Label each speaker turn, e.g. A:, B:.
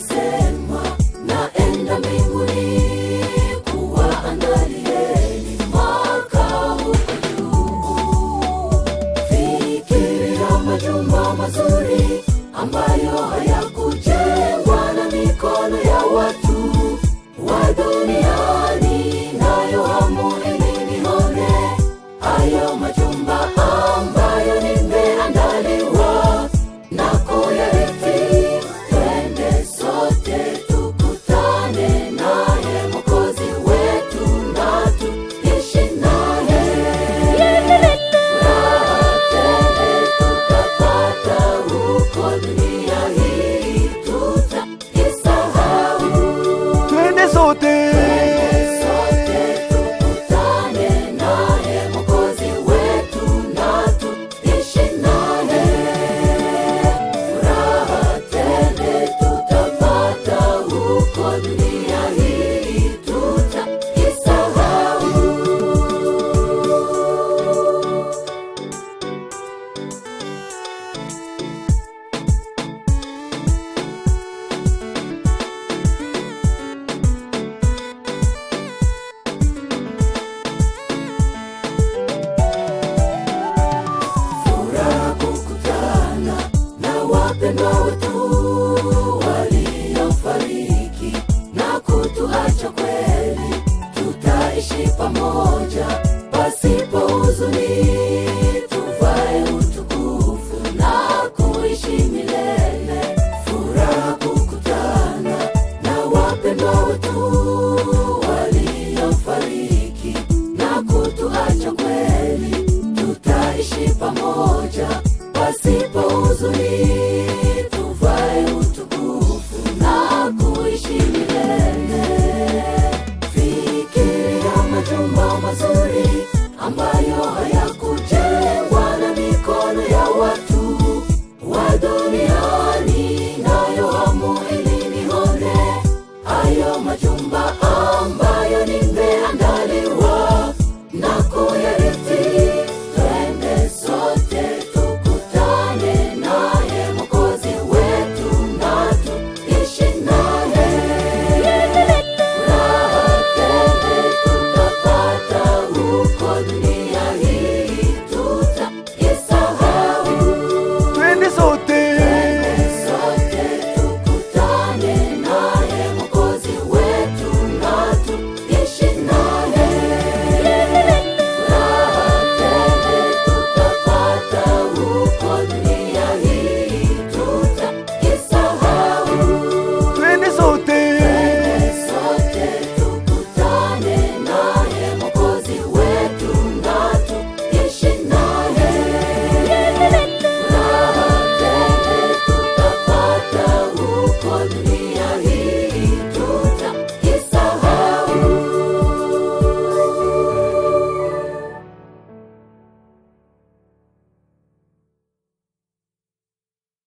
A: say Бути upendo wetu waliofariki na kutuacha kweli, tutaishi pamoja pasipo huzuni, tuvae utukufu na kuishi milele. Furaha kukutana na wapendo wetu waliofariki na kutuacha kweli, tutaishi pamoja pasipo huzuni hayo majumba